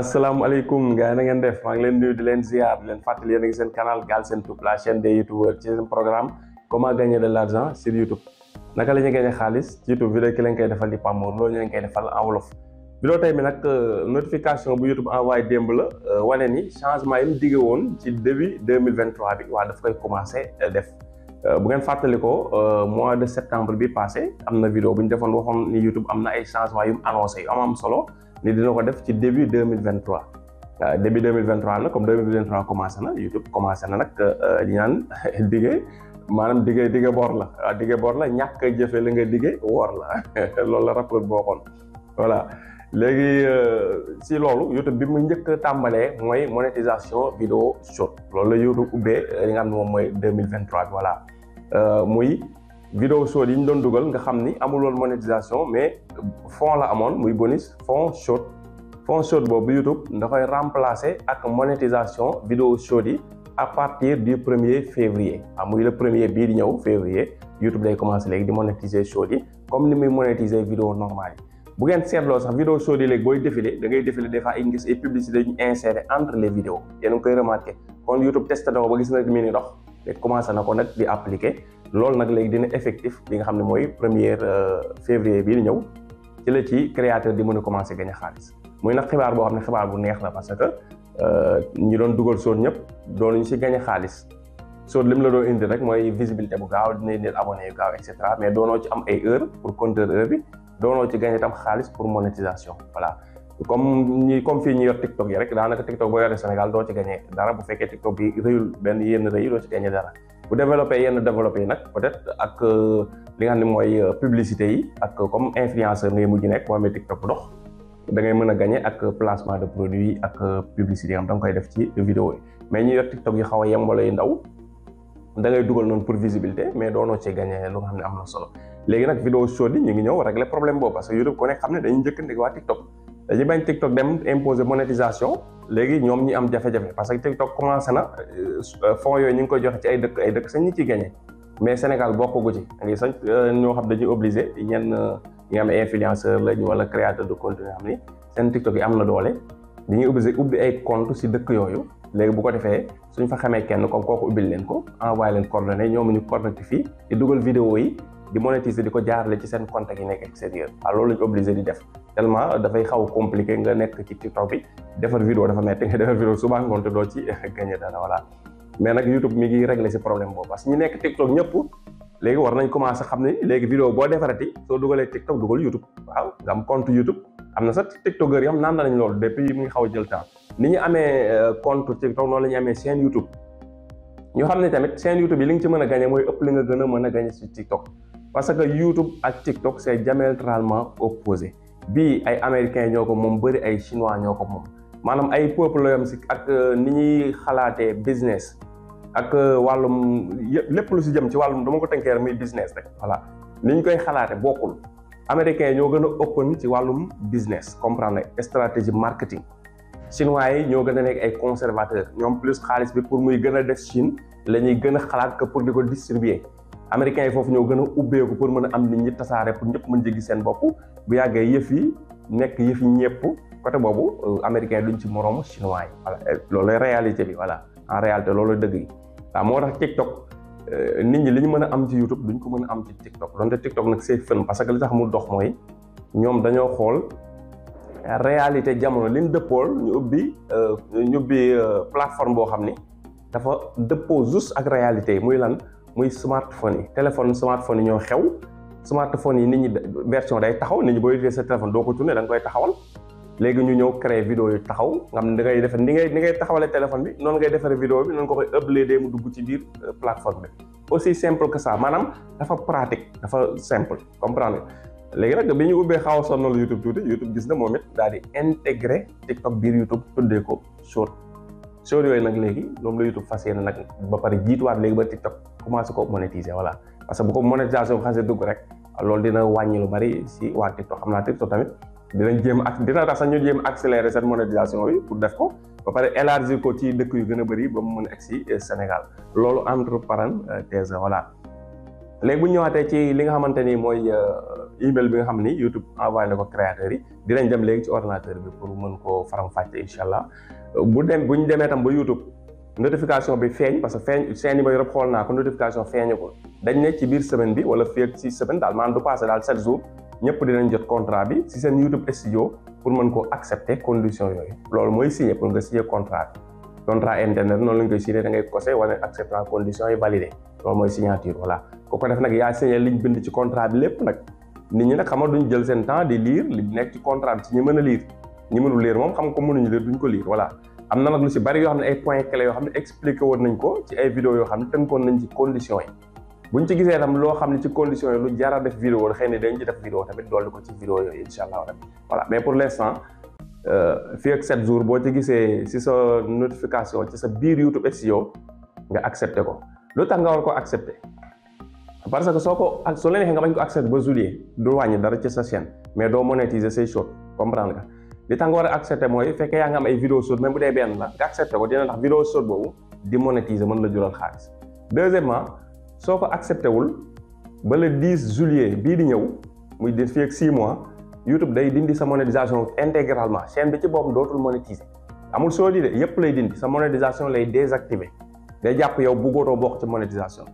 asalaamaaleykum gars yi na ngeen def maa ngi leen nuyu di leen ziar leen fàttali yéen a ngi seen canal Galsen Tube la chaîne des youtubeurs ci seen programme comment gagner de l'argent sur youtube naka la ñuy gagner xaalis ci youtube vidéo ki leen koy defal di Pamour loolu ñu leen koy defal en wolof vidéo tey bi nag euh, notification bu youtube envoyé démb la euh, wane ni changement yi mu woon ci debut mille début 2023 bi waa daf koy commencé euh, def bu ngeen fàttali ko mois de septembre bi passé am na vidéo bu ñu defoon waxoon ni am na ay changement yu mu annoncé am solo ni dina ko def ci début deux mille vingt trois euh, début deux mille vingt trois nag comme deux mille vingt trois commencé na YouTube commencé na nag ñu euh, naan digee maanaam digee digee boor la waaw ah, digee boor la ñàkk a jëfe la nga digee woor la loolu la rapport boo xoon voilà léegi euh, si loolu YouTube bi mu njëkk a tàmbalee mooy monétisation vidéo short loolu la YouTube ubbee li nga xam ne moom mooy deux mille vingt trois bi voilà muy. vidéo short yi ñu doon dugal nga xam ni amul woon monétisation mais fond la amoon muy bonus fond short fond short boobu YouTube da koy remplacer ak monétisation vidéo short yi à partir du premier février ah muy le premier bii di ñëw février YouTube day commencer léegi di monétiser short yi comme ni muy monétiser vidéo normale yi bu ngeen seetloo sax vidéo short yi léegi booy défilé da ngay défilé i fois ay ngis ay publicité ñu insérer entre les vidéos yéen a ngi koy remarqué kon gis na mi ni dox commencé na ko nag di appliquer loolu nag léegi dina effectif li nga xam ne mooy premier euh, février bii di ñëw ci la ci créateur di mën a commencé gagné xaalis muy nag xibaar boo xam ne xibaar bu neex la parce que euh, ñi doon dugal sóor ñëpp ñu ci gagné xaalis sóor li mu la doon indi rek mooy visibilité bu gaaw dina indil abonné gaaw et mais doonoo ci am ay heure pour compteur heure bi doonoo ci gagné tam xaalis pour monétisation voilà. comme ñi fii ñu yor TikTok yi rek daanaka TikTok boo yoree Sénégal doo ci gagné benn yenn rëy doo ci bu développé yenn développé yi nag peut-être ak euh, li nga xam ne mooy euh, publicité yi ak euh, comme influenceur ngay mujj nekk boo amee TikTok dox da ngay mën a gagné ak placement de produit ak publicité yi am da nga koy def ci vidéo yi mais yi xaw a yembala yu ndaw da ngay dugal noonu pour visibilité mais doonoo cee gagné lu nga xam ne am na solo léegi nag vidéo short yi ñu ñëw régler problème boobu parce que YouTube ku nekk xam ne dañuy njëkkante waa TikTok. dañuy bañ TikTok dem imposer monétisation léegi ñoom ñi am jafe-jafe parce que TikTok commencé na euh, fonds yooyu ñu ngi koy joxe ci ay dëkk ay dëkk sañ ñi ciy gagné mais Sénégal bokkagu ci da ngay sañ euh, ñoo xam dañuy obligé ñenn ñi nga xam influenceur lañu wala créateur de contenu xam ni seen TikTok yi am na doole dañuy obligé ubbi ay compte si dëkk yooyu léegi bu ko defee suñ fa xamee kenn comme kooku ubbil leen ko envoyé leen coordonnées ñoom ñu connecté fii di dugal yi di monétiser di ko jaarale ci seen contact yi nekk extérieur di def tellement dafay xaw compliqué nga nekk ci TikTok bi defar vidéo dafa metti nga defar vidéo suba ngoon te doo ci gagné dara voilà mais nag YouTube mi ngi réglé si problème boobu parce que ñu nekk TikTok ñëpp léegi war nañ commencé xam ne léegi vidéo boo defarati soo dugalee TikTok dugal YouTube waaw nga am compte YouTube am na sax TikTokers yi am naan nañ loolu depuis mu ngi xaw a jël temps ni ñu amee euh, compte TikTok noonu la ñu amee chaîne YouTube ñu xam ne tamit chaîne YouTube yi li nga ci mën a gagné mooy ëpp li nga gën a mën a gagné si parce que YouTube ak TikTok c' est diamétralement opposé bi ay américains ñoo ko moom bëri ay chinois ñoo ko moom maanaam ay peuple la si ak euh, ni ñuy xalaatee business ak euh, wàllum lépp lu si jëm ci wàllum dama ko tënkeer muy business rek voilà ni ñu koy xalaate bokkul américains ñoo gën a open ci wàllum business comprendre nga stratégie marketing chinois yi ñoo gën a nekk ay conservateurs ñoom plus xaalis bi pour muy gën a def Chine la ñuy gën a xalaat que pour di ko distribuer américains yi foofu ñoo gën a ubbeeku pour mën a am nit ñi tasaare pour ñëpp mën jéggi seen bopp bu yàggee yëf nekk yëf yi ñëpp côté boobu euh, américains yi duñ ci moroomu chinois yi voilà euh, loolu réalité bi voilà en réalité loolu dëgg yi waaw moo tax TikTok euh, nit ñi li ñu mën a am ci YouTube duñ ko mën a am ci TikTok te TikTok nag c'est fun parce que li tax mu dox mooy ñoom dañoo xool réalité jamono li ñu dëppool ñu ubbi ñu ubbi plateforme boo xam ni dafa dëppoo juste ak réalité yi muy lan muy smartphone yi téléphone smartphone yi ñoo xew smartphone yi nit ñi version day taxaw nit ñi booy utiliser sa téléphone doo ko tourner da koy taxawal léegi ñu ñëw créer vidéo yu taxaw nga xam ne da ngay defe ni ngay ni ngay taxawalee téléphone bi noonu ngay defaree vidéo bi noonu ko koy uploader mu dugg ci biir euh, plateforme bi aussi simple que ça maanaam dafa pratique dafa simple comprendre léegi nag bi ñu ubbee xaw a sonal YouTube tuuti YouTube gis na moom it daal di intégrer TikTok biir YouTube tuddee ko short shows yooyu nag léegi moom la YouTube fas yéene nag ba pare jiituwaat léegi ba TikTok commencé ko monétiser voilà parce que bu ko monétisation bu xasee dugg rek loolu dina wàññi lu bari si waa TikTok xam naa TikTok tamit dinañ jéem ak dina tax sax ñu jéem accélérer cette monétisation bi pour def ko ba pare élargir ko ci dëkk yu gën a bëri ba mu mën a si Sénégal loolu entre parenthèse voilà. léegi bu ñu ñëwaatee ci li nga xamante ni mooy euh, email bi nga xam ni YouTube envoyé ko créateurs yi dinañ dem léegi ci ordinateur bi pour mën koo faram-fàcce incha allah bu dem bu ñu demee tam ba YouTube notification bi feeñ parce que feeñ seen yi ma yorob xool naa ko notification feeñagul dañ ne biir semaine bi wala fii ak six semaines daal maanaam du passé daal sept jours ñëpp dinañ jot contrat bi si seen YouTube studio pour mën koo accepter condition yooyu loolu mooy signé pour nga signé contrat bi contrat internet noonu la ñu koy signé da ngay cosé wala acceptant condition yi validé loolu mooy signature voilà ku ko def nag yaa signé liñ bind ci contrat bi lépp nag nit ñi nag xama duñ jël seen temps di lire li nekk ci contrat si ñu mën a ñi mënul lire moom xam ko mënuñu lire duñ ko lire voilà am na nag lu si bari yoo xam ne ay point clé yoo xam ne expliqué woon nañ ko ci ay vidéo yoo xam ne tënkoon nañ ci conditions yi buñ ci gisee tam loo xam ne ci conditions yi lu jara def vidéo xëy na dañ ci def vidéo tamit dolli ko ci vidéo yooyu incha allah rabbi mais pour l' instant euh, fii ak jours boo ci gisee si sa notification ci sa biir YouTube SEO nga accepté ko lu tax nga war ko accepté parce que soo ko ak soo nga bañ ko accepté ba juillet du wàññi dara ci sa chaîne mais doo monétiser say choses comprendre nga. li tax nga war a accepté mooy fekkee yaa nga am ay vidéo short même bu dee benn la nga accepté ko dina tax vidéo short boobu di monétiser mën la jural xaalis deuxièmement soo ko accepté wul ba le 10 juillet bii di ñëw muy des fii ak 6 mois YouTube day dindi sa monétisation intégralement chaîne bi ci boobu dootul monétiser amul soo di de yépp lay dindi sa monétisation lay désactiver day jàpp yow bëggootoo bokk ci monétisation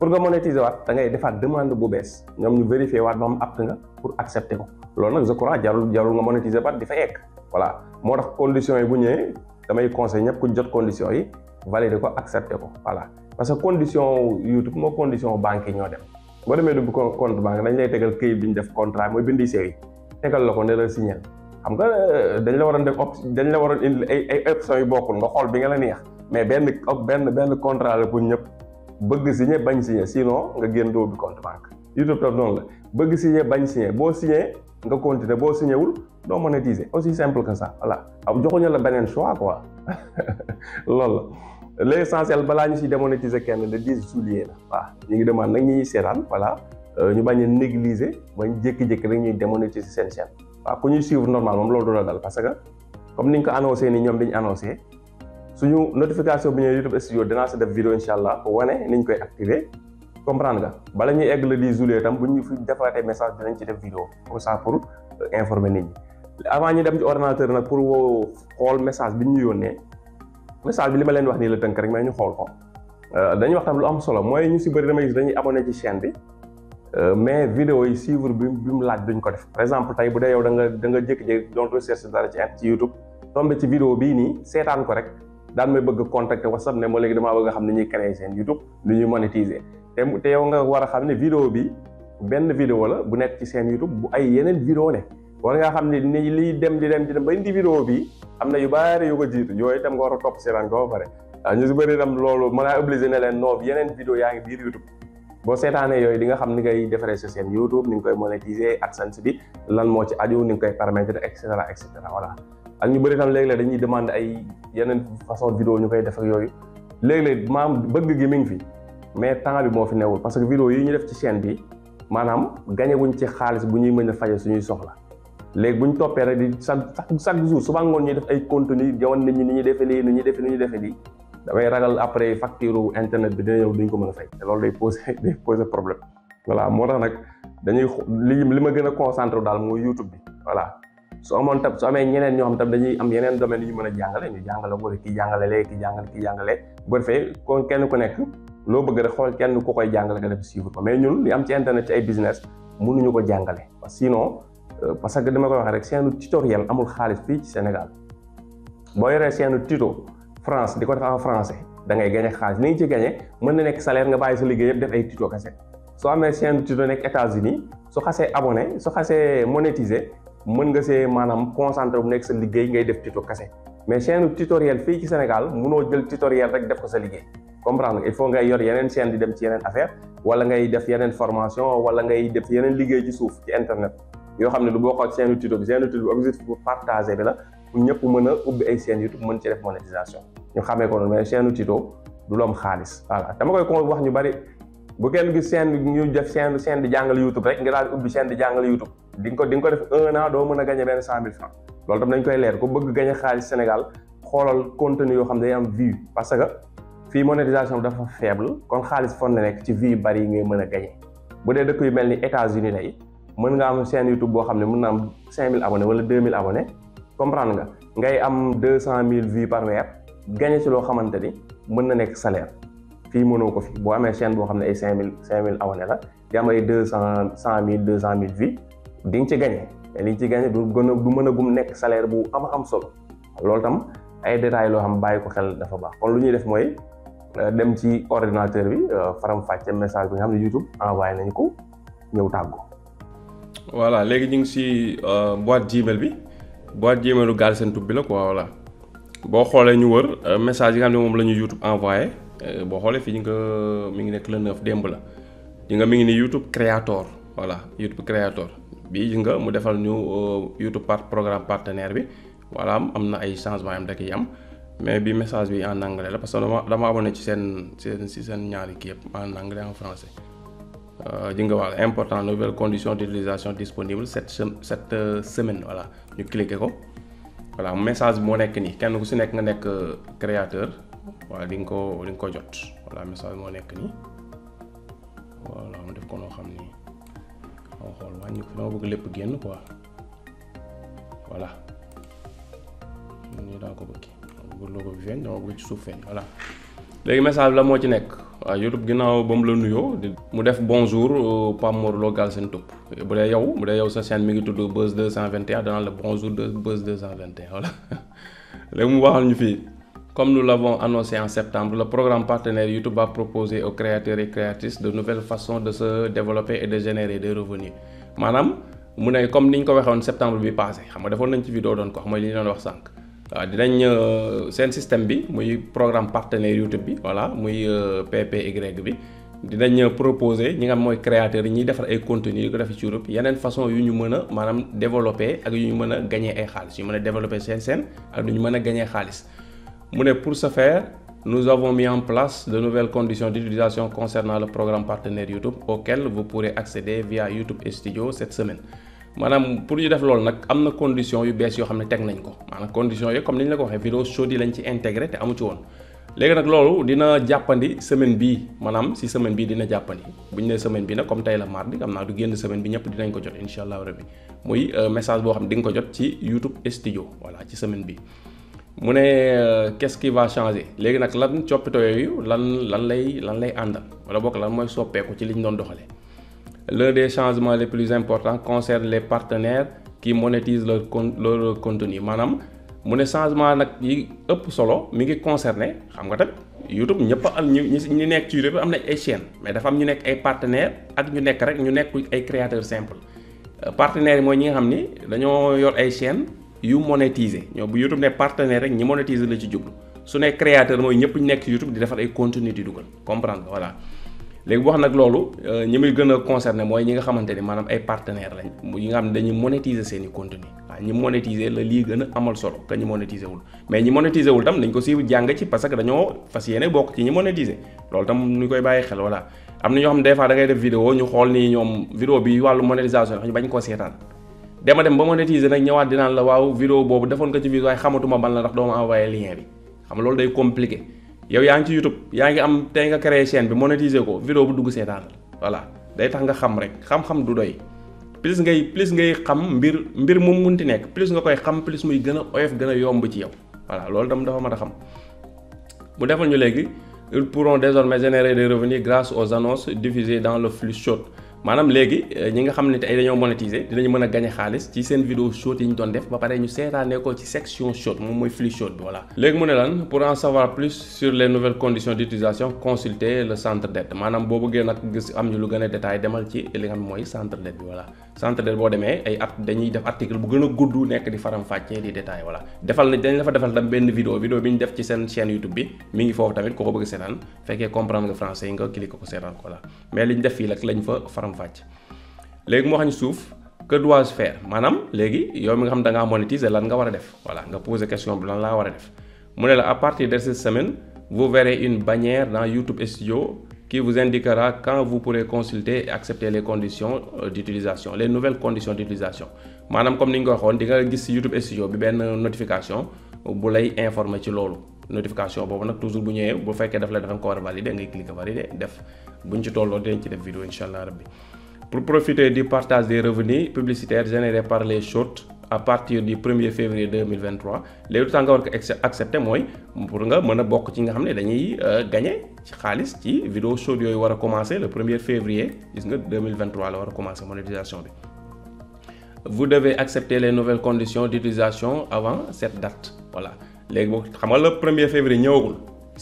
pour nga monétiser waat da defaat demande bu bees ñoom ñu vérifier waat ba am apte nga pour accepter ko loolu nag je crois jarul jarul nga monétiser waat di fa egg voilà moo tax conditions yi bu ñëwee damay conseil ñëpp ku jot conditions yi valider ko accepter ko voilà parce que condition YouTube moo condition banque yi ñoo dem boo demee du compte banque dañ lay tegal këyit bi ñu def contrat mooy bindi série tegal la ko ne la signé xam nga euh, dañ la war def op dañ la waroon indi ay ay options yu bokkul xool bi nga la neex mais benn benn benn contrat la pour ñëpp. bëgg signé bañ signé sinon nga génn doo bi compte banque YouTube tam noonu la bëgg signé bañ signé boo signé nga continuer boo siñewul wul doo monétiser aussi simple que ça voilà am joxuñu la beneen choix quoi loolu la l' essentiel balaa ñu si démonétiser kenn le 10 juillet la waaw ñu ngi demaan nag ñuy seetaan voilà euh, ñu bañ a négliger bañ jékki-jékki rek ñuy démonétiser seen chaîne waaw ku ñuy suivre normal moom loolu la dal parce que comme ni ñu ko ñoom dañu suñu notification bi ñuy YouTube studio dinaa si def vidéo incha allah wane niñ koy activer comprendre nga bala ñuy egg le 10 juillet tam bu ñu fi defaraatee message dinañ ci def vidéo comme ça pour euh, informer nit ñi avant ñu dem ci ordinateur nag pour woo xool message bi ñu yónnee message bi li ma leen nii la tënk rek mais ñu xool ko euh, dañuy wax tam lu am solo mooy ñu si bëri damay gis dañuy abonné ci chaîne bi euh, mais yi suivre bi mu laaj duñ ko def par exemple tey bu dee yow da nga da nga jékki-jékki doon recherche dara ci ci YouTube tombé ci vidéo bii nii seetaan ko rek. daal may bëgg contacter whatsapp ne ma léegi damaa bëgg a xam ni ñuy créer seen youtube ni ñuy monétiser te te yow nga war a xam ne vidéo bi benn vidéo la bu nekk ci seen youtube bu ay yeneen vidéo ne war ngaa xam ne ni liy dem di dem di dem ba indi vidéo bi am na yu baari yu ko jiitu yooyu tam nga war a ba pare waaw ñu si bëri tam loolu mën naa obligé ne leen noob yeneen vidéo yaa ngi biir youtube boo seetaanee yooyu di nga xam ni ngay defaree sa seen youtube ni nga koy monétiser AdSense bi lan moo ci aju ni nga koy permettre et cetera et cetera voilà ak ñu bëri tam léeg-léeg dañuy demander ay yeneen façon vidéo ñu koy def ak yooyu léeg-léeg maam bëgg gi mi ngi fi mais moo fi newul parce que vidéo yi ñu def ci chaîne bi maanaam gagné wuñ ci xaalis bu ñuy mën a faje suñuy soxla léegi bu ñu toppee rek di chaque chaque jour suba ngoon ñuy def ay contenu jawan nit ñi ni ñuy defee ni ñuy defee ñuy defee lii damay ragal après facture internet bi dina ñëw duñ ko mën a fay loolu day poser day poser problème voilà moo tax nag dañuy li li ma gën a concentré daal mooy YouTube bi voilà su amoon tam su amee ñeneen ñoo xam tam dañuy am yeneen domaine yu ñu mën a jàngale ñu jàngale ki jàngale ki jàngale ki jàngale bu defee kon kenn ku nekk loo bëgg rek xool kenn ku koy jàngale nga def suivre ko mais ñun li am ci internet ci ay business mënuñu ko jàngale parce que sinon euh, parce que dama koy waxee rek seenu tutoriel amul xaalis fii France di ko def en da ngay gañe xaalis ni ngi ci gañe mën na nekk sa liggéey yëpp def ay tuto kese soo amee seenu tuto nekk États-Unis su xasee abonné su xasee monétisé mën nga see maanaam concentré bu nekk sa liggéey ngay def tuto kase mais chaîne tutoriel fii ci Sénégal mënoo jël tutoriel rek def ko sa liggéey comprendre il faut ngay yor yeneen chaîne di dem ci yeneen affaire wala ngay def yeneen formation wala ngay def yeneen liggéey ci suuf ci internet yoo xam ne du boo ko seenu tuto bi chaîne tuto bi objectif bi la pour ñëpp mën a ubbi ay chaîne YouTube mën ci def monétisation ñu xamee ko noonu mais chaîne tuto du lu am xaalis voilà dama koy ko wax ñu bari bu kenn gis chaîne ñu def chaîne chaîne di jàngale YouTube daal di ubbi chaîne di jàngale di nga ko di nga ko def un an doo mën a gagné benn cent mille franc loolu tam dañ koy leer ku bëgg gagné xaalis Sénégal xoolal contenu yoo xam day am vue parce que fii monétisation dafa faible kon xaalis fon la nekk ci vue yu bari yi ngay mën a gagné bu dee dëkk yu mel ni États-Unis lay mën nga am chaîne YouTube boo xam ne mën na am cinq mille abonnés wala deux mille abonnés comprendre nga ngay am deux cent mille vues par weer gagné si loo xamante ni mën na nekk salaire fii mënoo ko fi boo amee chaîne boo xam ne ay mille cinq mille abonnés la cent cent mille deux cent mille vues di nga ci gañe li nga ci du a du mën a gum nekk salaire bu am am solo loolu tam ay détails loo xam bàyyi ko xel dafa baax kon lu ñuy def mooy euh, dem ci ordinateur bi euh, faram message bi nga xam ne YouTube envoyé nañu ko ñëw tàggu. voilà léegi ñu ngi si euh, boîte Gmail bi boîte Gmailu Galsen Tube bi la quoi voilà boo xoolee ñu wër message yi nga xam ne moom la ñu YouTube envoyé boo xoolee fii nga mi ngi nekk le neuf démb la di nga mi ngi ni YouTube Creator voilà YouTube Creator. bi gis nga mu defal ñu euh, YouTube par programme partenaire bi voilà am na ay changement yam rek yi am mais bi message bi en anglais la parce que dama dama abonné ci seen seen si seen ñaari kii yëpp en anglais en français di euh, nga wax important nouvelle condition d'utilisation disponible cette euh, cette semaine voilà ñu cliquer ko voilà message moo nekk nii kenn ku si nekk nga nekk créateur waa li nga ko di nga ko jot voilà message moo nekk nii voilà mu def ko noo ma oh, xool wàññi dama bëgg lépp génn quoi voilà nii daa ko bëgg bëgg logo dama bëgg ci suuf feeñ voilà. léegi message la moo ci nekk waaw YouTube ginnaaw ba mu la nuyoo mu def bonjour euh, Pape Mor Lo seen Tube bu dee yow mu dee yow sa chaîne mi ngi tudd Buzz 221 danaa la bonjour Buzz 221 voilà léegi mu waxal ñu fii. Comme nous l'avons annoncé en septembre, le programme partenaire YouTube a proposé aux créateurs et créatrices de nouvelles façons de se développer et de générer des revenus maanaam mu ne comme ni ñu ko waxee woon septembre bi passé xam nga defoon nañ ci vidéo doon ko wax mooy li ñu doon wax sànq waaw dinañ euh, seen système bi muy programme partenaire YouTube bi voilà muy euh, PPY bi dinañ euh, proposer ñi nga xam mooy créateurs yi ñuy defar ay contenu yu ko def ci YouTube yeneen façon yu ñu mën a maanaam développer ak yu mën a gagner ay xaalis yu mën a développer seen seen ak yu ñu mën a gagner xaalis. mu ne pour ce faire nous avons mis en place de nouvelles conditions d'utilisation concernant le programme partenaire YouTube auquel vous pourrez accéder via YouTube Studio cette semaine maanaam pour ñu def loolu nag am na condition yu bees yoo xam ne teg nañ ko maanaam conditions comme ni ñu la ko waxee vidéo short yi lañ ci intégré te amu ci woon léegi nag loolu dina jàppandi semaine bi maanaam si semaine bii dina jàppandi bu ñu ne semaine bi nag comme tey la mardi xam naa du génn semaine bi ñëpp dinañ ko jot incha allah rabbi muy euh, message boo xam ne di nga ko jot ci YouTube Studio voilà ci semaine bi mu ne euh, qu'est-ce qui va changer léegi nag lan coppite yooyu lan lan lay lan lay àndal wala bokk lan mooy soppeeku ci li ñu doon doxalee l'un des changement les plus importants concerne les partenaires qui monétisent leur con leur contenu maanaam mu ne changement nag yi ëpp solo mi ngi concerné xam nga tamit YouTube ñëpp a am ñu ñu nekk ci YouTube am nañ ay chaînes mais dafa am ñu nekk ay partenaires ak ñu nekk rek ñu nekk ay créateurs simples euh, partenaires yi mooy ñi nga xam ni dañoo yor ay chaînes. yu monétiser ñoo bu YouTube ne partenaire rek ñi monétiser la ci jublu su ne créateur mooy ñëpp ñu nekk ci YouTube di defar ay contenu di dugal comprendre voilà. léegi wax nag loolu euh, ñi muy gën a concerné mooy ñi nga xamante ni maanaam ay partenaire lañ yi nga xam ne dañu monétiser seen i contenu waaw ñi monétiser la amal solo que ñi monétiser wul mais ñi monétiser wul tam nañ ko siiw jàng ci parce que dañoo fas yéene bokk ci ñi monétiser loolu tam ñu koy bàyyi xel voilà am na ñoo xam ne des fois da ngay def vidéo ñu xool ni ñoom vidéo bi wàllu monétisation ñu bañ koo seetaan dama dem ba monétiser nag ñëwaat dinaan la waaw vidéo boobu defoon ko ci biir waaye xamatuma ban la ndax doo ma envoyé lien bi xam loolu day compliqué yow yaa ngi ci YouTube yaa ngi am tey nga créé chaîne bi monétiser ko vidéo bu dugg seetaan la voilà day tax nga xam rek xam-xam du doy plus ngay plus ngay xam mbir mbir mu munti nekk plus nga koy xam plus muy gën a oyof gën a yomb ci yow voilà loolu tam dafa mën a xam bu defal ñu léegi ils pourront désormais générer des revenus grâce aux dans le flux chaud maanaam léegi eh, ñi nga xam ne ay dañoo monétiser dinañu mën a gañe xaalis ci seen vidéo short yi ñu doon def ba pare ñu seetaanee ko ci section short moom mooy flux short bi voilà. léegi mu ne lan pour en savoir plus sur les nouvelles conditions d'utilisation consultez le centre d'aide maanaam boo bëggee nag gis am ñu lu gën a détail demal ci li nga xam mooy centre d'aide bi voilà. centre d'aide boo demee ay at bu gën a gudd nekk di faram-fàccee di détail def ci seen chaîne YouTube am fàcc léegi moo xam suuf que dois-je faire maanaam léegi yow mi nga xam da ngaa monétiser lan nga war a def voilà nga poser question bi lan laa war a def mu ne la à partir de cette semaine vous verrez une bannière dans YouTube Studio qui vous indiquera quand vous pourrez consulter et accepter les conditions euh, d'utilisation les nouvelles conditions d'utilisation maanaam comme ni ñu ko waxoon di nga gis si YouTube Studio bi benn notification bu lay informer ci loolu. notification boobu nag toujours bu ñëwee bu fekkee daf la def nga ko war a valider ngay cliquer valider def buñ ci tolloo dinañ ci def vidéo incha allah rabbi pour profiter di partage des revenus publicitaires générés par les shorts à partir du 1er février 2023 léegi lu tax nga war ko accepté mooy pour nga mën a bokk ci nga xam ne dañuy euh, gagné ci xaalis ci vidéo short yooyu war a commencé le 1er février gis nga 2023 la war a commencé monétisation bi vous devez accepter les nouvelles conditions d'utilisation avant cette date voilà léegi boo xam nga le premier février ñëwagul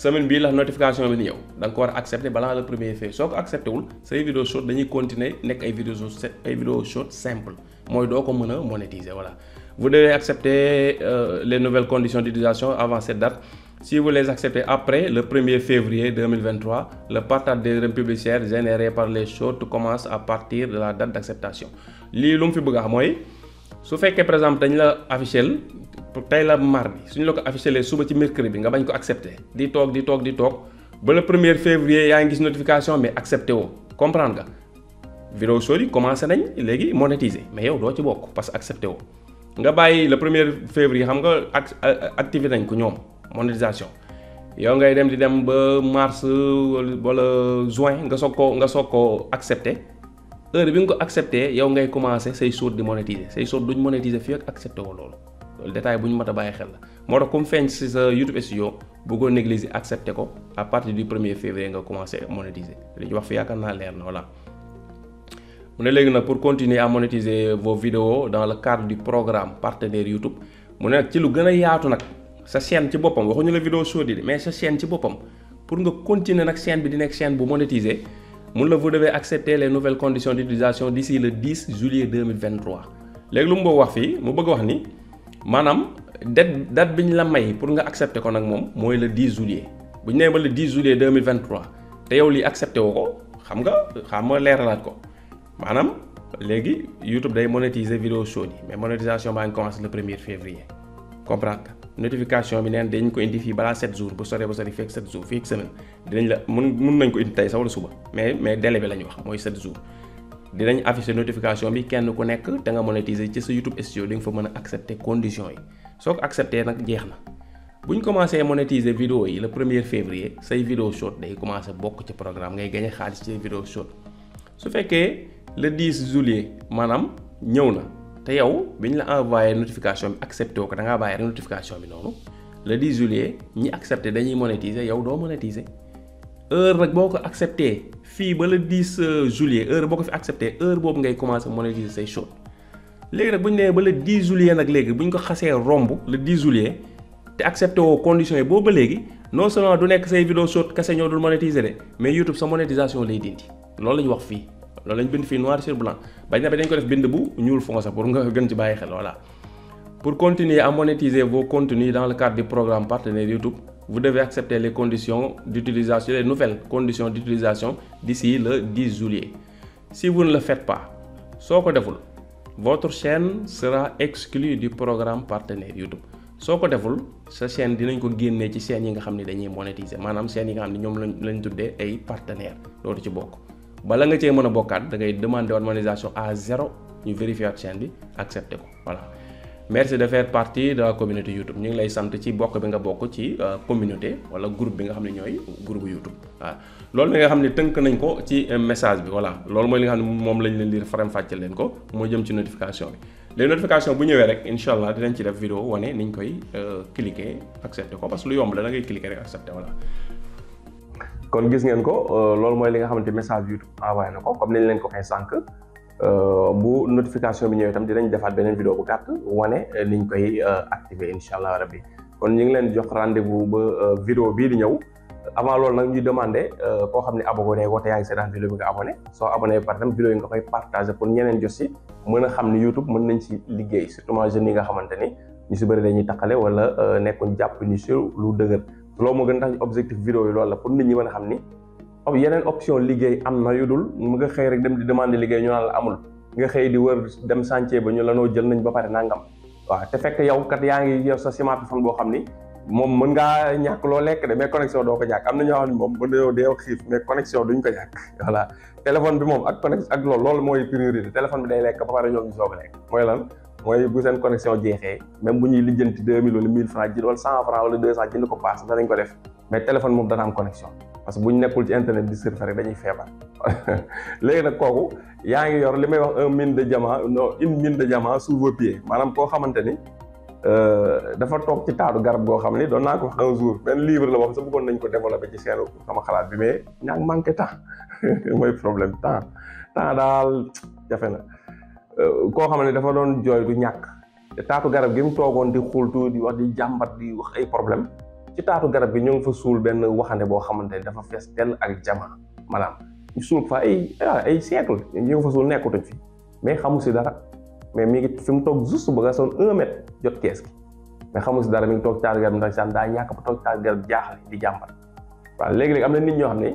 semaine bii la notification bi di ñëw da ko war a accepter balaa le premier février soo ko accepté wul say vidéo short dañuy continuer nekk ay vidéo short ay vidéo short simple mooy doo ko mën a monétiser voilà. bu dee accepter euh, les nouvelles conditions d'utilisation avant cette date si vous les acceptez après le 1er février 2023 le partage des revenus publicitaires générés par les shorts commence à partir de la date d'acceptation lii lu mu fi bëgg a xam mooy. su fekkee par exemple dañ la affichel tey la mardi suñ la ko affichelee suba ci mercredi bi nga bañ ko accepté di toog di toog di toog ba le premier février yaa ngi gis notification bi accepté woo comprendre nga. vidéo short yi commencé nañ léegi monétiser mais yow doo ci bokk parce que accepté woo nga bàyyi le premier février xam nga ak euh, activé nañ ko ñoom monétisation yow ngay dem di dem ba mars wala juin nga soog koo nga soog koo accepté. heure bi nga ko accepté yow ngay commencé say sóot di monétiser say sóot duñ monétiser fii ak accepté ko loolu loolu détail bu ñu mat a bàyyi xel la moo tax comme feeñ si sa YouTube studio bëggoo négliger accepté ko à partir du premier février nga commencé monétiser li ñu wax fi yaakaar naa leer na voilà. mu ne léegi nag pour continuer à monétiser vos vidéos dans le cadre du programme partenaire YouTube mu ne nag ci lu gën a yaatu nag sa chaîne ci boppam waxuñu la vidéo sóot yi mais sa chaîne ci boppam pour nga continuer nag chaîne bi di nekk bu monétiser. mun la vous devez accepter les nouvelles conditions d'utilisation d'ici le 10 juillet 2023 léegi lu mu bëgg wax fii mu bëgg wax ni maanaam date date bi ñu la may pour nga accepter ko nag moom mooy le 10 juillet bu ñu nee ba le 10 juillet 2023 te yow lii accepté woo ko xam nga xam nga leeralaat ko maanaam léegi YouTube day monétiser vidéo chaude yi mais monétisation baa ngi commencé le premier février comprendre notification bi neen dañ ko indi fii balaa 7 jours bu soree ba sori fekk 7 jours fekk semaine dinañ la mun mun nañ ko indi tey sax wala suba mais mais délai bi wax mooy 7 jours dinañ afficher notification bi kenn ku nekk da nga monétiser ci sa YouTube studio di nga fa mën a accepter condition yi soo ko accepter nag jeex na bu ñu commencé monétiser vidéo yi le premier février say vidéo short day commencé bokk ci programme ngay gagné xaalis ci vidéo short su fekkee le 10 juillet maanaam ñëw na. te yow bi ñu la envoyé notification bi accepté ko danga ngaa bàyyi rek notification bi noonu le 10 juillet ñi accepté dañuy monétiser yow doo monétiser heure nag boo ko accepté fii ba le 10 euh, juillet heure boo ko fi accepté heure boobu ngay commencé monétiser say choses léegi nag bu ñu nee ba le 10 juillet nag léegi bu ñu ko xasee romb le 10 juillet te accepté woo conditions yi boobu ba léegi non seulement du nekk say vidéo sot kese ñoo dul monétiser de mais YouTube sa monétisation lay dindi loolu la wax fii. loolu lañ bind fii noir sur blanc bañ na ba dañ ko def bind bu ñuul fond sax pour nga gën ci bàyyi xel voilà pour continuer à monétiser vos contenus dans le cadre du programme partenaire YouTube vous devez accepter les conditions d'utilisation les nouvelles conditions d'utilisation d'ici le 10 juillet si vous ne le faites pas soo ko deful votre chaîne sera exclue du programme partenaire YouTube soo ko deful sa chaîne dinañ ko génnee ci chaîne yi nga xam ne dañuy monétiser maanaam chaîne yi nga xam ne ñoom lañ lañ tuddee ay partenaires loolu ci bokk bala nga cee mën a bokkaat da ngay demander normalisation à zéro ñu vérifier at chaîne bi accepté ko voilà merci de faire partie de la YouTube ñu ngi lay sant ci bokk bi nga bokk ci euh, communauté wala groupe bi nga xam ne ñooy groupe YouTube waaw loolu li nga xam ne tënk nañ ko ci euh, message bi voilà loolu mooy li nga xam ne moom lañu leen di faram fàcceel leen ko moo jëm ci notification bi léegi notification bu ñëwee rek incha allah dinañ ci def vidéo wane niñ koy euh, cliquer accepté ko parce que lu la da ngay cliquer rek accepté kon gis ngeen ko euh, loolu mooy li nga xamante message YouTube envoyé na ko comme nañ leen ko waxee sànq euh, bi ñëwee tam dinañ defaat beneen vidéo bu gàtt wane euh, niñ koy activer incha allah rabbi kon ñu ngi leen jox rendez-vous ba vidéo bii di ñëw avant loolu nag ñuy demandé koo xam ne abonné ko te yaa ngi seetaan vidéo bi nga abonné soo abonné par exemple vidéo yi nga pour ñeneen jos si mën a xam ni YouTube mën nañ ci liggéey surtout jeunes yi nga xamante ni ñu si bëri dañuy taqale wala nekkuñ jàpp ñu sur lu dëgër loolu moo gën tax objectif vidéo yi loolu la pour nit ñi mën a xam ni yeneen option liggéey am na yu dul mu nga xëy rek dem di demande liggéey ñu naan la amul nga xëy di wër dem chantier ba ñu la noo jël nañ ba pare nangam waaw te fekk yow kat yaa ngi yow sa ciment fan boo xam ni moom mën ngaa ñàkk loo lekk de mais connexion doo ko ñàkk am na ñoo xam ne moom mën nañoo dee xiif mais connexion duñ ko ñàkk voilà téléphone bi moom ak connexion ak loolu loolu mooy priorité téléphone day lekk ba pare ñoom ñu a mooy bu seen connexion jeexee même bu ñuy lijjanti deux mille wala mille franc jël wala cent franc wala deux cent jënd ko paas danañ ko def mais téléphone moom dana am connexion parce que bu ñu nekkul ci internet di surfer rek dañuy feebar léegi nag kooku yaa ngi yor li may wax un mine de diamant non une mine de diamant sous vos maanaam koo xamante ni euh, dafa toog ci taatu garab goo xam ni doon naa ko wax un jour benn livre la wax sa bëggoon nañ ko développé ci seen sama bi mais ñaa manqué temps mooy problème temps temps daal jafe na. Euh, koo xam ne dafa doon jooy du ñàkk te taatu garab gi mu toogoon di xultu di wax di jàmbat di wax ay problème ci taatu garab gi ñu ngi fa suul benn waxande boo xamante ne dafa fees dell ak jamaa maanaam ñu ay ah, ay siècle ñu ngi fa suul nekkutuñ mais xamu si dara mais mi ngi fi mu toog juste ba nga son un jot kees gi mais xamu si dara mi ngi toog taatu garab ndax saan daa ñàkk ba toog taatu garab jaaxle di jàmbat waaw léegi-léegi am na nit ñoo xam ne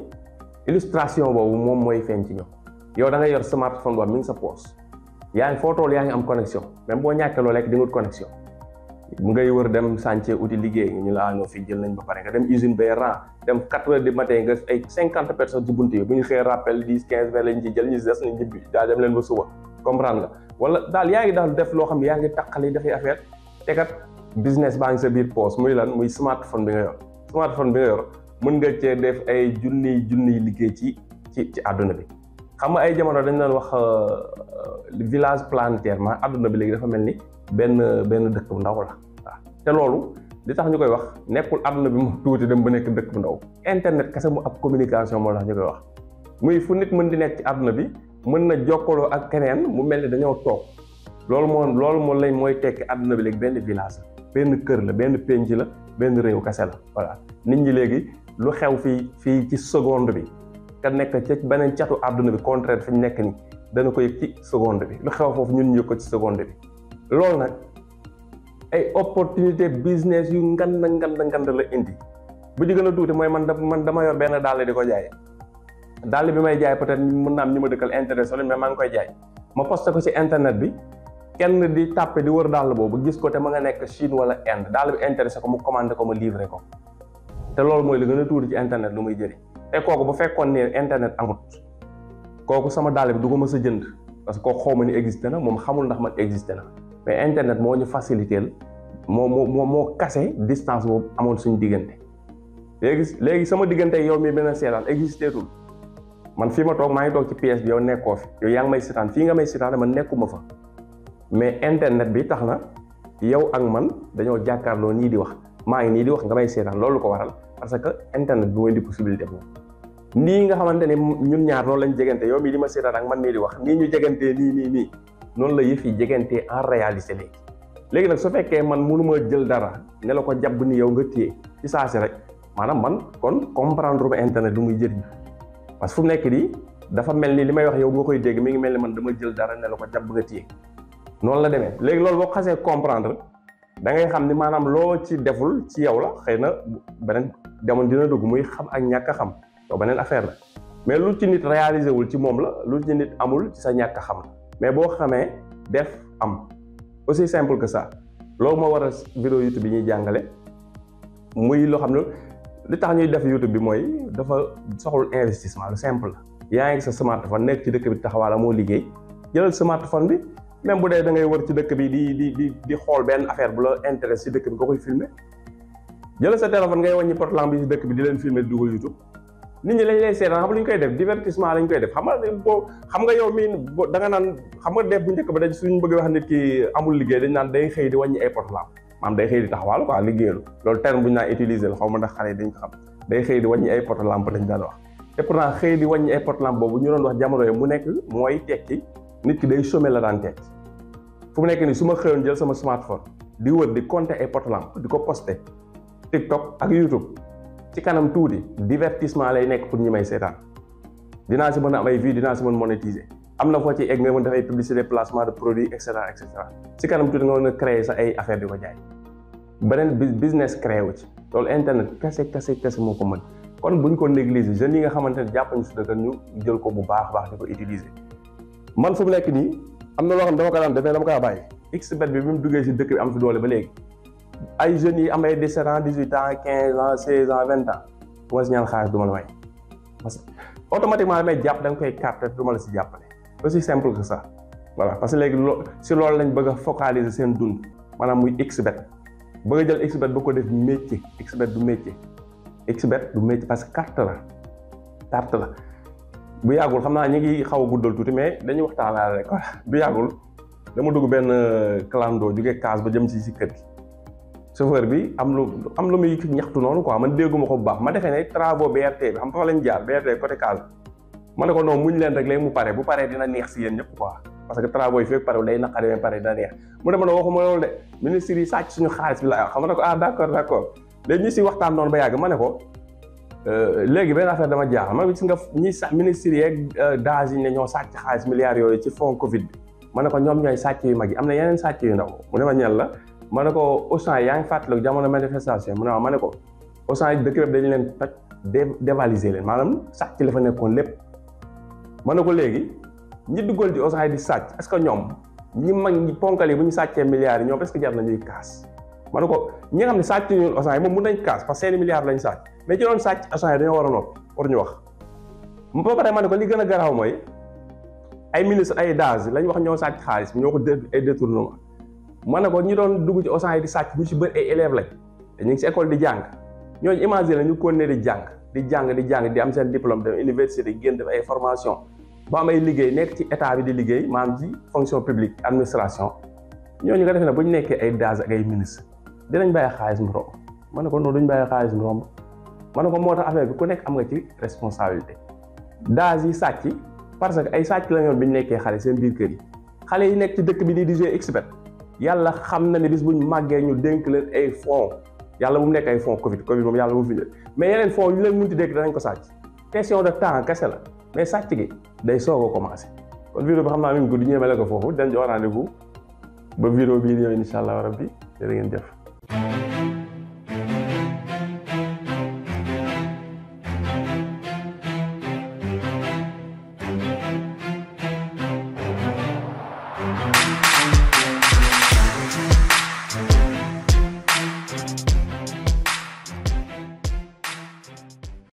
illustration boobu moom mooy feeñ ci ñoom yow da nga yor smartphone boobu mi ngi sa poche yaa ngi foo tool yaa ngi am connexion même boo ñàkkee loolu rek di nga wut connexion mu ngay wër dem chantier outil liggéey ñu la ñoo ah, fii jël nañ ba pare nga dem usine bay dem quatre heures du matin cinquante personnes ci bunt yi bu ñu xëyee rappel dix quinze vingt lañ jël ñu des nañ ñibbi daa dem leen ba suba comprendre nga wala daal yaa ngi daal def loo xam ne yaa ngi taqali dafay affaire te kat business baa ngi sa biir poos muy lan muy smartphone bi nga yor smartphone bi nga yor mën nga cee def liggéey ci ci ci àdduna bi xam nga ay jamono dañu doon wax euh, village planétaire ma àdduna bi léegi dafa mel ni benn benn dëkk bu ndaw la waaw te loolu li tax ñu koy wax nekkul àdduna bi mu tuuti dem ba nekk dëkk bu ndaw internet kese mu ab communication moo tax ñu koy wax muy fu nit mën di nekk ci àdduna bi mën na jokkaloo ak keneen mu mel ni dañoo toog loolu moo loolu moo mooy tekki àdduna bi léegi benn village benn kër la benn pénc la benn réew kese la voilà nit ñi léegi lu xew fii fii ci seconde bi te nekk ca beneen catu àdduna bi contraire fi mu nekk ni dana ko yëg ci seconde bi lu xew foofu ñun ñu ko ci seconde bi loolu nag ay opportunité business yu nganda nganda nganda la indi bu ci gën a mooy man man dama yor benn dàll di ko jaay dàll bi may jaay peut-être mën naa am ñu ma dëkkal intéressé mais maa ngi koy jaay ma posté ko ci internet bi kenn di tàppe di wër dàll boobu gis ko te ma nga nekk Chine wala Inde dàll bi intéressé ko mu commandé ko ma livré ko te loolu mooy li gën a tuuti ci internet lu muy jëriñ te kooku bu fekkoon ne internet amut kooku sama dàll bi du ko mës a jënd parce que kooku xaw ma ni existé na moom xamul ndax man existé na mais internet moo ñu faciliteel moo moo moo kase distance boobu amoon suñu diggante léegi léegi sama diggante yow mi benn seetaan existeetul man fii ma toog maa ngi toog ci pièce bi yow nekkoo fi yow yaa ngi may seetaan fii nga may seetaan man nekkuma fa mais internet bi tax na yow ak man dañoo jàkkaarloo nii di wax maa ngi nii di wax nga may seetaan loolu ko waral parce que internet bi mooy di possibilité moom nii nga xamante ni ñun ñaar noonu lañ jegante yow mii di ma seetaan ak man mii di wax nii ñu jegantee nii nii noonu la yëf yi jegantee en réalité léegi léegi nag su fekkee man mënuma jël dara ne ko jàpp ni yow nga téye ci saasi rek maanaam man kon comprendre ma internet lu muy jëriñ parce que mu nekk nii dafa mel ni li may wax yow nga koy dégg mi ngi mel ni man dama jël dara ne la ko jàpp nga téye noonu la demee léegi loolu boo xasee comprendre da ngay xam ni maanaam loo ci deful ci yow la xëy na beneen demoon dina dugg muy xam ak ñàkk a xam yow beneen affaire la mais lu ci nit réalisé wul ci moom la lu ci nit amul ci sa ñàkk xam mais boo xamee def am aussi simple que ça loolu moo waral vidéo YouTube bi ñuy jàngale muy loo xam ne li tax ñuy def YouTube bi mooy dafa soxlu investissement lu simple la yaa ngi sa smartphone nekk ci dëkk bi taxawaala moo liggéey jëlal smartphone bi même bu dee da ngay ci dëkk bi di di di di xool benn affaire bu la intéresse ci dëkk bi nga koy filmer jëlal sa téléphone ngay wàññi portlan bi ci dëkk bi di leen filmer dugal YouTube nit ñi lañ lay seetaan xam lu koy def divertissement lañ koy def xam nga boo xam nga yow mii da nga naan xam nga def bu njëkk ba dañ suñ bëgg wax nit ki amul liggéey dañ naan day xëy di wàññi ay portable maanaam day xëy di taxawal quoi liggéeyalu loolu terme bu ñu naan utiliser la xaw ma ndax xale yi dañ ko xam day xëy di wàññi ay portable lañ daan wax te pourtant xëy di wàññi ay portable boobu ñu doon wax jamono yi mu nekk mooy tekki nit ki day some la daan tekki fu mu nekk nii su ma xëyoon jël sama smartphone di wër di compter ay portable di ko poster TikTok ak YouTube ci kanam tuuti divertissement lay nekk pour ñi may seetaan dinaa si mën a am ay vues dinaa si mën monétiser am na foo ci egg nga mën def ay publicité placement de produit et cetera et cetera kanam tuuti nga mën a créer sa ay affaire di ko jaay beneen business créé wu ci loolu internet kese kese kese moo ko mën kon buñ ko négliger jeunes yi nga xamante ne jàpp nañu si dëkk ñu jël ko bu baax baax di ko utiliser man fu mu nekk nii am na loo xam dama ko daan def dama kaa bàyyi xbet bi bi mu duggee si dëkk am si doole ba léegi ay jeunes yi am ay dix-sept ans dix-huit ans quinze ans seize ans vingt ans bu ma si ñaan xaalis du la may parce que automatiquement damay jàpp da nga koy carte du la si jàppale aussi simple que ça voilà parce que léegi loo si loolu lañ bëgg a focaliser seen dund maanaam muy xbet bëgg a jël xbet bu ko def métier xbet du métier xbet du métier parce que carte la carte la bu yàggul xam naa ñu ngi xaw a guddal tuuti mais dañuy waxtaanal rek bu yàggul dama dugg benn euh, clando jóge kaas ba jëm si si kër chauffeur bi am lu am lu muy ñaxtu noonu quoi man dégguma ko bu baax ma defee ne travaux BRT bi xam fa lañ jaar BRT coté Kaal ma ne ko non muñ leen rek léegi mu pare bu paree dina neex si yéen ñëpp quoi parce que travaux yi fekk pare day naqari ma ne waxuma loolu de ministre yi suñu xaalis bi la xam ko ah d' si waxtaan noonu ba yàgg ma ne ko euh, léegi benn affaire dama jaaxal ma gis nga ñi sax ministres yeeg euh, daas yi ne ñoo xaalis milliards yooyu ci fond Covid bi ne ko ñoom ñooy sàcc yu mag yi am na yeneen sàcc yu ndaw mu ne ma ñan la ma ne ko Auchan yaa ngi fàttaliku jamono manifestation mu ne waaw ma ne ko Auchan dëkk bi leen toj dévaliser leen maanaam sàcc la fa nekkoon lépp man na ko léegi ñi duggal ci Auchan di sàcc est-ce que ñoom ñi mag ñi ponkal yi bu ñu sàccee milliards yi ñoom est-ce que jar nañuy kaas ma ne ko ñi nga xam ne sàcc ñun Auchan moom mun nañ kaas parce que seeni milliards lañ sàcc mais ci doon sàcc Auchan yi dañoo war war ñu wax ba pare ma ne ko li gën a garaaw mooy ay ministre ay DAGE lañ wax ñoo sàcc xaalis ñoo ko ay détournement ma ne ko ñu doon dugg ci Auchan yi di sàcc ñu si bëri ay élèves lañ te ngi si école di jàng ñooñu imaginer ñu kon di jàng di jàng di jàng di am seen diplôme dem université génn def ay formation ba am ay liggéey nekk ci état bi di liggéey maam ci fonction publique administration ñooñu nga def ne bu ñu nekkee ay DAGE ak ay ministre dinañ bàyyi xaalis mu romb ma ne ko noonu duñ bàyyi xaalis mu romb ma ne ko moo tax affaire bi ku nekk am nga ci responsabilité DAGE yi sàcc que ay sàcc la ñoon bi ñu nekkee xale seen biir kër yi xale yi nekk dëkk bi nii di jouer expert yàlla xam na ne bis bu ñu màggee ñu dénk leen ay fonds yàlla bu mu nekk ay fonds Covid Covid moom yàlla bu mu fi mais yeneen fonds yu leen munti dénk danañ ko sàcc question de temps kese la mais sàcc gi day soog a commencé kon vidéo bi xam naa mi ngi gudd ñeemale ko foofu dañ jox rendez ba vidéo bii di ñëw incha allah rabbi jërë ngeen jëf.